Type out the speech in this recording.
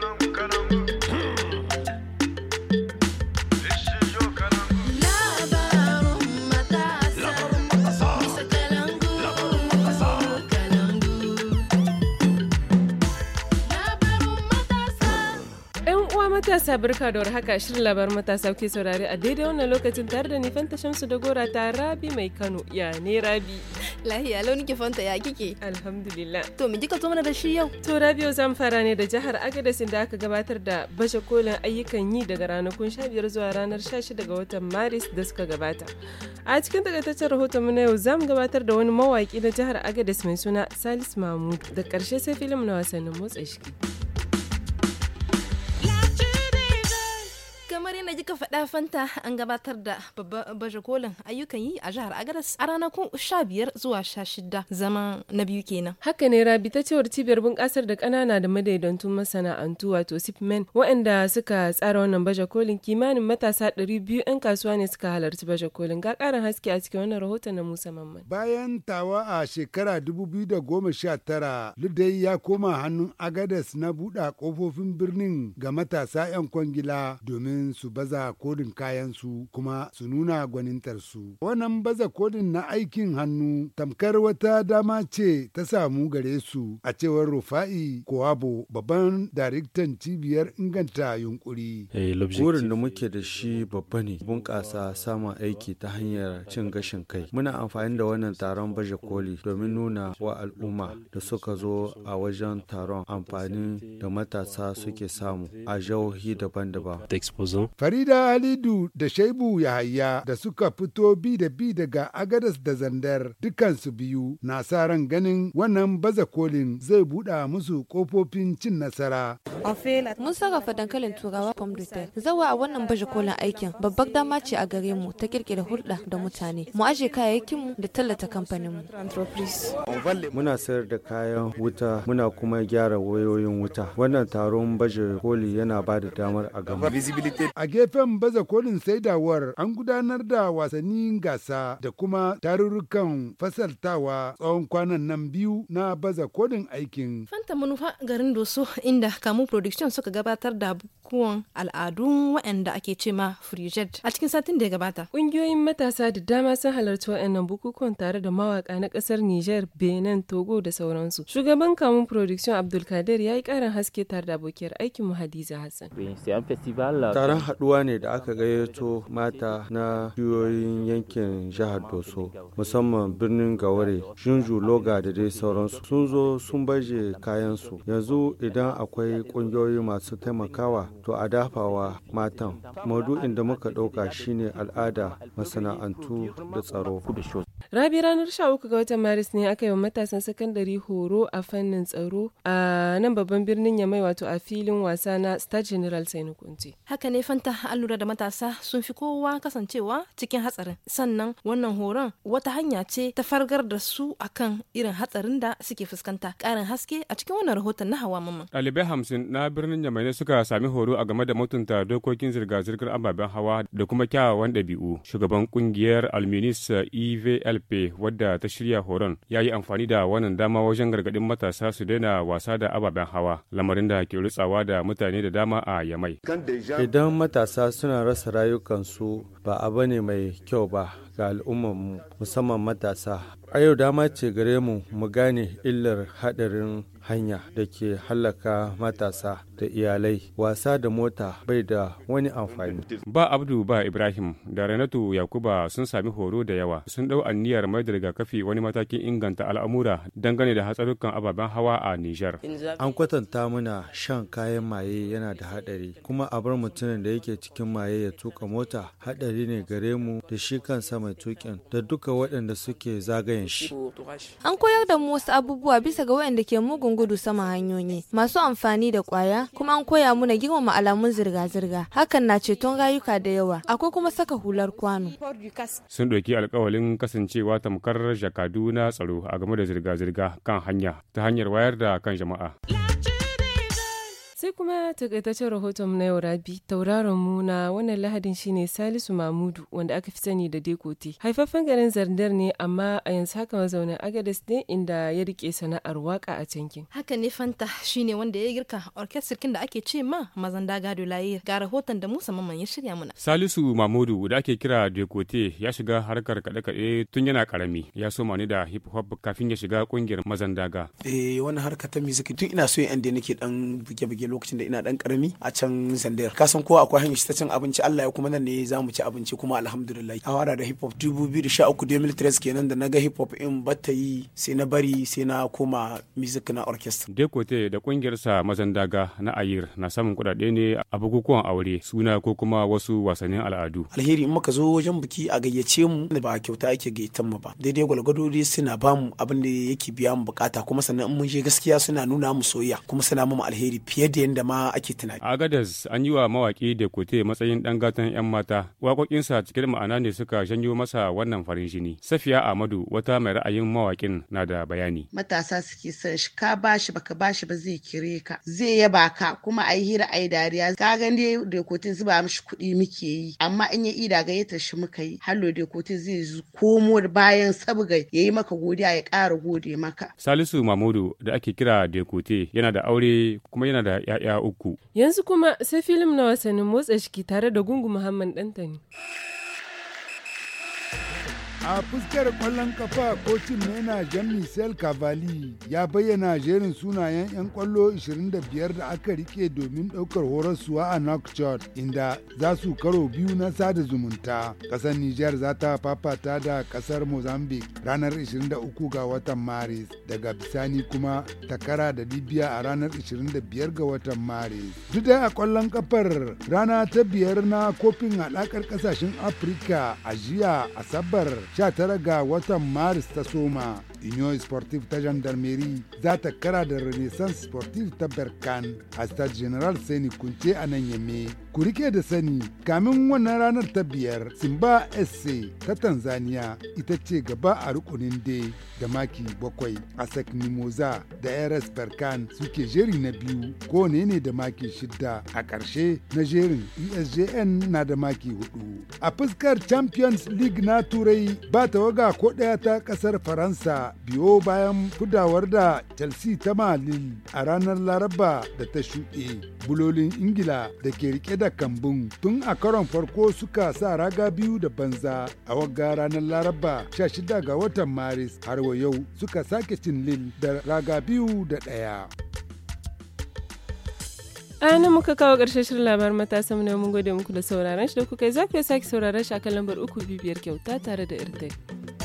Shalom. matasa barka da warhaka shirin labar matasa ke saurari a daidai wannan lokacin tare da nifan ta Shamsu da Gora ta Rabi mai Kano ya ne Rabi. Lahiya lau nike Fanta ya kike? Alhamdulillah. To me kika zo mana da shi yau? To Rabi yau zan fara ne da jihar agadasin da aka gabatar da bashe kolin ayyukan yi daga ranakun biyar zuwa ranar 16 ga watan Maris da suka gabata. A cikin takaitaccen rahoton mu na yau zamu gabatar da wani mawaki na jihar agadas mai suna Salis Mahmud da karshe sai filim na wasannin motsa shi. kamar yadda kika faɗa fanta an gabatar da baje kolin ayyukan yi a jihar agadas a ranakun sha biyar zuwa sha shida zama na biyu kenan haka ne rabi ta cewar cibiyar bunƙasar da ƙanana da madaidantun masana'antu wato sipmen waɗanda suka tsara wannan baje kolin kimanin matasa ɗari biyu 'yan kasuwa ne suka halarci baje kolin ga ƙarin haske a cikin wannan rahoton na musa mamman bayan tawa a shekara dubu da goma sha tara ludai ya koma hannun agadas na buɗa ƙofofin birnin ga matasa 'yan kwangila domin su baza kodin kayansu kuma su nuna gwanintarsu. Wannan baza kodin na aikin hannu tamkar wata dama ce ta samu gare su a cewar Rufa'i Kowabo babban daraktan cibiyar inganta yunkuri. Eh, Burin da muke da shi babba ne bunƙasa samun aiki ta hanyar cin gashin kai. Muna amfani da wannan taron baje koli domin nuna wa al'umma da suka zo a wajen taron amfani da matasa suke samu a jihohi daban-daban. Farida Halidu da Shaibu Yahaya da suka fito bi da bi daga Agadas da Zandar dukansu biyu na sa ran ganin wannan baza kolin zai buɗa musu kofofin cin nasara. Mun sarrafa dankalin turawa fam Zawa a wannan baje kolin aikin babbar dama ce a gare mu ta kirkira hulɗa da mutane. Mu aje mu da tallata kamfanin mu. Muna sayar da kayan wuta muna kuma gyara wayoyin wuta. Wannan taron baje koli yana ba da damar a gama. A gefen baza kolin saidawar an gudanar da wasannin gasa da kuma tarurrukan fasaltawa tsawon kwanan nan biyu na baza kolin aikin. Fanta manufa garin Doso inda Kamu Production suka gabatar da bukuwan al'adun waɗanda ake ce ma Frijet a cikin satin da ya gabata. Ƙungiyoyin matasa da dama sun halarci waɗannan bukukuwan tare da mawaka na ƙasar Nijar, Benin, Togo da sauransu. Shugaban Kamu Production Abdulkadir ya yi ƙarin haske tare da abokiyar aikin mu Hadiza Hassan. Euh, Taron Taron haɗuwa ne da aka gayyato mata na jiyoyin yankin jihar Doso, musamman birnin Gaware, Junju Loga da dai sauransu. Sun zo sun baje kayansu. Yanzu idan akwai ƙungiyoyi masu taimakawa to a dafawa matan. Maudu'in da muka ɗauka shine al'ada, masana'antu da tsaro. Rabi ranar 13 ga watan Maris ne aka yi wa matasan sakandare horo a fannin tsaro a nan babban birnin Yamai wato a filin wasa na Star General Sani Kunti. Haka ne fanta an lura da matasa sun fi kowa kasancewa cikin hatsarin. Sannan wannan horon wata hanya ce ta fargar da su akan irin hatsarin da suke fuskanta. Karin haske a cikin wannan rahoton na Hawa Mamman. Ɗalibai hamsin na birnin Yamai ne suka sami horo a game da mutunta dokokin zirga-zirgar ababen hawa da kuma kyawawan ɗabi'u. Shugaban ƙungiyar Alminis EVL Juppe wadda ta shirya horon ya yi amfani da wannan dama wajen gargaɗin matasa su daina wasa da ababen hawa lamarin da ke rutsawa da mutane da dama a Yamai. Idan matasa suna rasa rayukansu ba abu ne mai kyau ba ga al'ummarmu musamman matasa A yau dama ce gare mu mu gane illar haɗarin hanya da ke hallaka matasa da iyalai wasa da mota bai da wani amfani. Ba Abdu ba Ibrahim da Renatu Yakuba sun sami horo da yawa sun dau aniyar mai da kafi wani matakin inganta al'amura dangane da hatsarukan ababen hawa a Nijar. An kwatanta mana shan kayan maye yana da haɗari kuma a bar mutumin da yake cikin maye ya tuka mota haɗari ne gare mu da shi kansa mai tukin da duka waɗanda suke zagayen kan shi. An koyar da mu wasu abubuwa bisa ga waɗanda ke mugun gudu sama hanyoyi masu amfani da kwaya kuma an koya muna girmama alamun zirga-zirga hakan na ceton rayuka da yawa akwai kuma saka hular kwano. Sun ɗauki alkawalin kasancewa tamkar jakadu na tsaro a game da zirga-zirga kan hanya ta hanyar wayar da kan jama'a. Sai kuma takaitaccen rahoton na yau rabi tauraron mu na wannan lahadin shine Salisu Mamudu wanda aka fi sani da Dekote. Haifaffen garin Zardar ne amma a yanzu haka mazaunin Agadez ne inda ya rike sana'ar waka a cankin. Haka ne Fanta shine wanda ya girka kin da ake ce ma mazan daga dolaye ga rahoton da Musa mamman ya shirya mana. Salisu Mamudu da ake kira Dekote ya shiga harkar kaɗe-kaɗe tun yana karami ya soma ni da hip hop kafin ya shiga kungiyar mazan daga. Eh wani harka ta music tun ina so yan da nake dan buge-buge lokacin da ina dan karami a can zandar kasan kowa akwai hanyar shi ta cin abinci Allah ya kuma nan ne za mu ci abinci kuma alhamdulillah a fara da hip hop 2013 2013 kenan da na ga hip hop in bata yi sai na bari sai na koma music na orchestra dekote da kungiyarsa mazan daga na ayir na samun kudade ne a bukukuwan aure suna ko kuma wasu wasannin al'adu alheri in muka zo wajen biki a gayyace mu ba kyauta ake gayyatan mu ba daidai gwalgwado dai suna ba mu abin da yake biya mu bukata kuma sannan in mun je gaskiya suna nuna mu soyayya kuma suna mu alheri fiye da yadda da ma ake tunani. Agadas an yi wa mawaƙi da kote matsayin ɗan gatan 'yan mata. Waƙoƙinsa cikin da ma'ana ne suka janyo masa wannan farin jini. Safiya Ahmadu wata mai ra'ayin mawaƙin na da bayani. Matasa suke son shi ka bashi baka bashi ba zai kire ka zai yaba ka kuma a yi hira a yi dariya. Ka gan dai da kote zuba mishi kuɗi muke yi amma in ya ida gayyatar shi muka yi hallo da kote zai komo bayan sabga ya yi maka godiya ya ƙara gode maka. Salisu Mamudu da ake kira Dekote yana da aure kuma yana da 'ya'ya uku. Yanzu kuma sai filim na wasannin motsa jiki tare da Gungu Muhammad Dantani. a fuskar kwallon kafa kocin mena jan michel cavalli ya bayyana jerin sunayen 'yan kwallo 25 da aka rike domin ɗaukar horarsuwa a nouakchott inda za su karo biyu na sada zumunta ƙasar niger za ta fafata da ƙasar mozambique ranar 23 ga watan maris daga bisani kuma takara da libya a ranar 25 ga watan maris duk da a kwallon kafar rana ta biyar na kofin haɗakar ƙasashen afirka a jiya asabar 19 ga watan maris ta soma union sportive ta gendarmerie za ta kara da renaissance sportive ta berkan a stade general Seni kunce a nan yame. ku rike da sani kamin wannan ranar ta biyar simba sc ta tanzania ita ce gaba a rukunin d da maki bakwai a mimoza da rs berkan suke jeri na biyu ko ne da maki shidda a ƙarshe na jerin esjn na da maki hudu a fuskar champions league na turai ba tawaga ko ɗaya ta ƙasar faransa biyo bayan gudawar da Chelsea ta Malin a ranar Laraba da ta shuɗe. Bulolin Ingila da ke rike da kambun tun a karon farko suka sa raga biyu da banza a wagga ranar Laraba 16 ga watan Maris har wa yau suka sake cin Lille da raga biyu da ɗaya. a nan muka kawo ƙarshen shirin labarin matasa mu mun gode muku da sauraron shi da kuka yi zafi sake sauraron shi a kan lambar uku bibiyar kyauta tare da irtai.